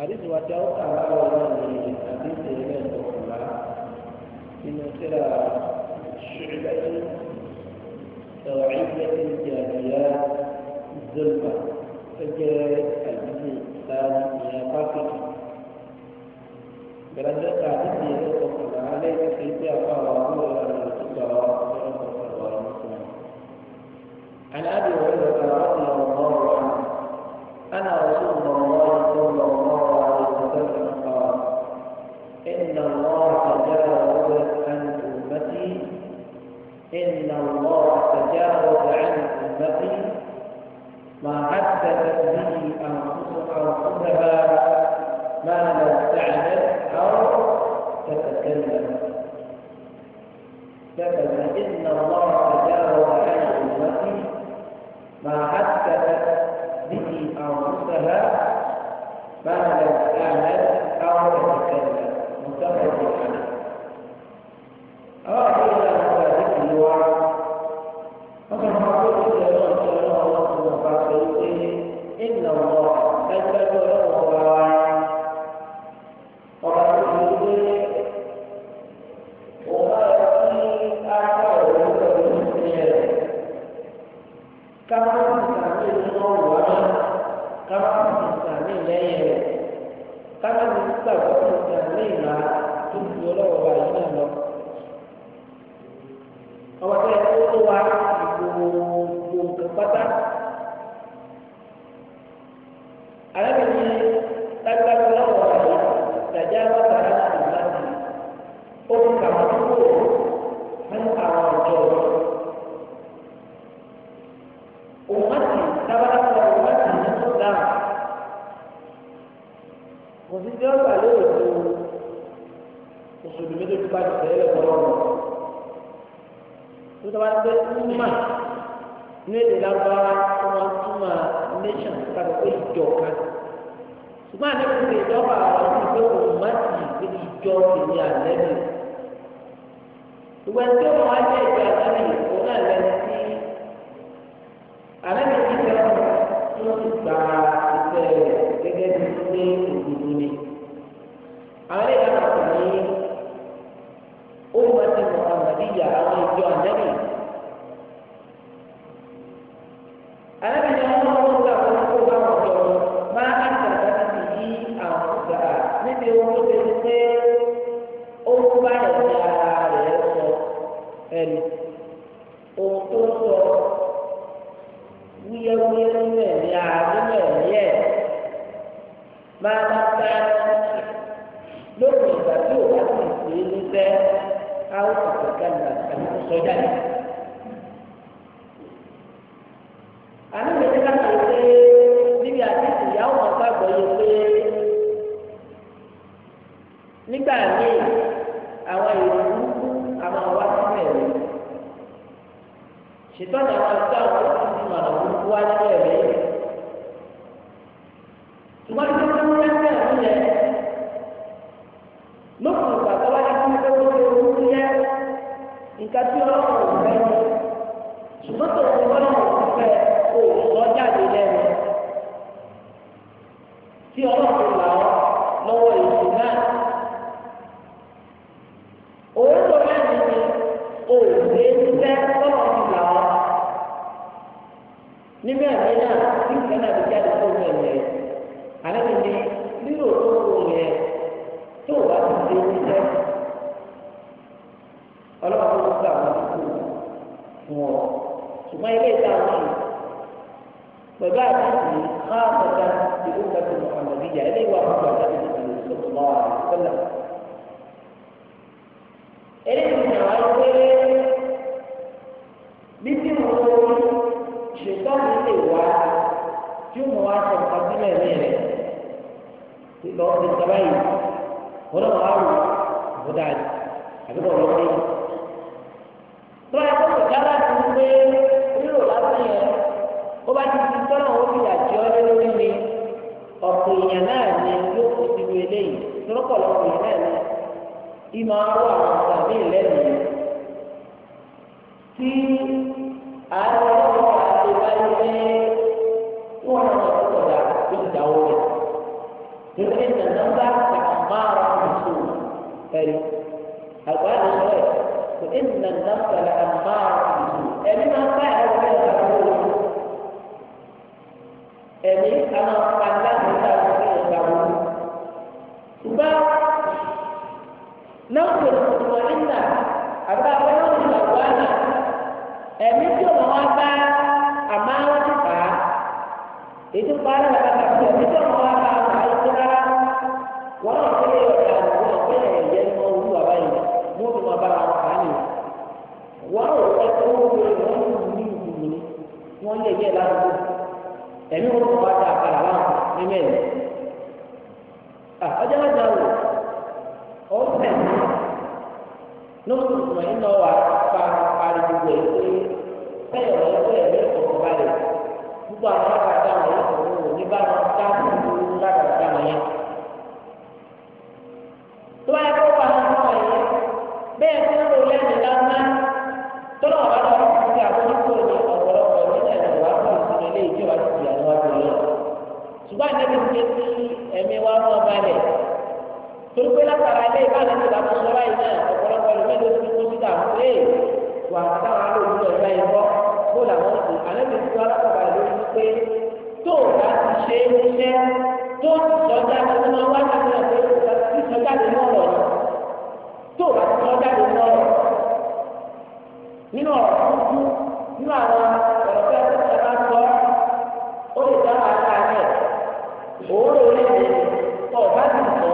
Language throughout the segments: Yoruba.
حديث واتاو على ولاني حديث إيمان بخلا إن ترى شعبة توعية الجاهليات ظلمة فجاءت الجزء الثاني من باكر برد تعديد إيمان بخلا عليك في تيابا وعلى التجارة عن أبي هريرة الله تجاوز عن أمتي إن الله تجاوز عن أمتي ما حدثت به أنفسها ما لو تعلم أو تتكلم إن الله ọwọ́ tó yẹ kó tó wá ìgbòho nǹkan pátá. arábìnrin lágbàdo lọ́wọ́ àyà ìdájà bàbá àgbà ó fi kà wọ́n kó fún àwọn ọjọ́ rẹ̀. òmùmátì tábàdàpọ̀ òmùmátì nínú dáhùn. kò sí tí wọ́n gbà lóòótọ́ mùsùlùmí tó ti bá ti tẹ̀lé lọ́wọ́ tó tó bá gbé ńmà ní èdè lágbára tó máa túmọ̀ nation tàbí pé ìjọ kan ṣùgbọ́n àdéhùn ti ìjọba àwọn ìgbé òun má ti ìgbé ìjọ ìní àlẹ́ mi ìwé tí wọn wá jẹ ìjọ àtàlẹ ìfowó náà lẹni tí àlẹ́ mi ti fẹ́ wọn tó ti gbà ìfẹ́ rẹ̀ gẹ́gẹ́ bí òdodo ni àwọn ìlànà kò ní ó máa ti mọ̀ àmàdíyà àwọn ìjọ àlẹ́ mi. níbi wọn ló ti di pé ohun bá yẹ ní ara rẹ̀ sọ ẹnu ohun tó sọ wúyẹwúyẹ nínú ẹ̀mí ara nínú ẹ̀mí ẹ̀ máa bá ká lórí ìgbà tí òun bá ti ṣe é níbẹ̀ á ó kọ̀ọ̀kan kàlùkàlù sọ́jà yìí. nǹkan tí ọlọ́run ò fẹ́ ni ṣùgbọ́n tó ń bọ́ náà ò o sọ jáde lẹ́nu tí ọlọ́run là ọ́ lọ́wọ́ èsì náà òun tó lẹ́nu ni o lè fẹ́ ọlọ́run là ọ́ nígbà yẹn náà tí nǹkan náà ti jáde tó ń bẹ̀rẹ̀ yẹn àlẹ́ mi ni lílo tó ń bọ̀ yẹn tó o bá ti dé ní sẹ́yìn gbà wọn fún ọ ṣùgbọ́n ilé ìta wọn yìí pẹ̀lú àtàkùn káàkọ̀tà ìlú kẹtù mọ̀hàmàdíyà ilé ìwà àkọ́kọ́ àtàkùn ìlú sọ̀tùmọ́ àkọ́là. eléyìí ni àwọn ẹgbẹ́ bíbí wọn ṣètò ìlú ìwà tí ó mọ̀ wá sọ nǹkan sílẹ̀ ní rẹ̀ lọ́ọ́ ti sábà yìí wọ́n náà wà wò ó dáa àbí wọ́n lọ́ọ́ pé rírò lásán yẹn ó bá ti fi tọ́nà ó fi àjọ lórí mi ọ̀pọ̀ èèyàn náà ni yóò kó sí mi eléyìí lọ́pọ̀lọpọ̀ èèyàn náà ni ìmọ̀ àwọn àwọn tàbí ìlẹ́nu tí àwọn ọlọ́wọ́ àti báyìí pé wọ́n náà wọ́n ti sọ̀dà tó ti dáwọ́ rẹ̀ lórí ẹ̀jẹ̀ nọ́mbà àmọ́ àwọn ọmọ ìṣòwò ẹ̀rí àgbáyé إن النفس لأمارة بالسوء أمي ما فعل بها الغرور أمي أنا قلت بها الغرور سبحان نفس المطمئنة أبا ولو لوانا أمي tí ọmọ wa bá àmà wọn ti fà á ètò ìpàdé wọn bá bá tó ètò ọmọ wa bá wọn àìsí rárá wọn ò tẹ́lẹ̀ yọ̀ọ̀dà ẹ̀mí wọn kọ̀ wá dá àkàrà wá ní mẹ́rin. ọjọ́ náà dáwò ó fẹ̀ lóṣù tó ń lọ wà pa parí gbogbo ẹ̀ pé bẹ́ẹ̀ ọ̀rọ̀ ẹgbẹ́ ẹ̀mí ọ̀rọ̀ balẹ̀ gbogbo àwọn alágbàdá wọn yóò wò ní bá wọn dáàbò lágbàdá wọn yẹn. kí ẹ̀mí wa mọ̀ balẹ̀ torí pé látara ilé ìbáraẹni ti dàbọ̀ sọ́ra yìí náà ọ̀pọ̀lọpọ̀ ẹlòmíì ló ti kú sí dàbọ̀ pé wà táwọn alóòjọ́ ìgbà yìí bọ́ kó làwọn sì àlejò tí wọn lápá balẹ̀ lórí wípé tó o bá ti ṣe é níṣẹ́ tó o ti sọjá tó máa wá láti náà pé o ti sọjá lè ọ̀rọ̀ yìí tó o bá ti sọjá lè mọ̀ ọ̀rọ̀ nínú ọ̀rọ̀ nínú àwọn ọ̀rọ̀ òórò orílẹ̀ ọ̀bá ti sọ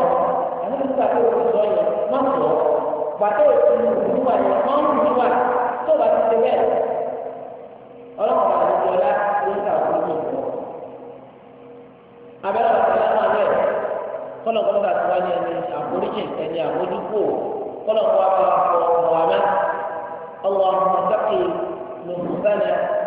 àwọn nígbà tó o sọ yẹn má sọ gbàtọ́ òtún ìwà yẹn má ń rìn wà tó bá ti ṣe bẹ́ẹ̀ ọlọ́run bá ti jọ lá ló ń ta òkú ní ìfọ̀ abẹ́rẹ́ ọ̀sán lánàá rẹ̀ kọ́nà kọ́nà bá ti wá ní ẹni àforíjì ẹni àmójúkò kọ́nà kọ́ wa bá wà fọ ọ̀wá mẹ́ ọlọ́run mọ̀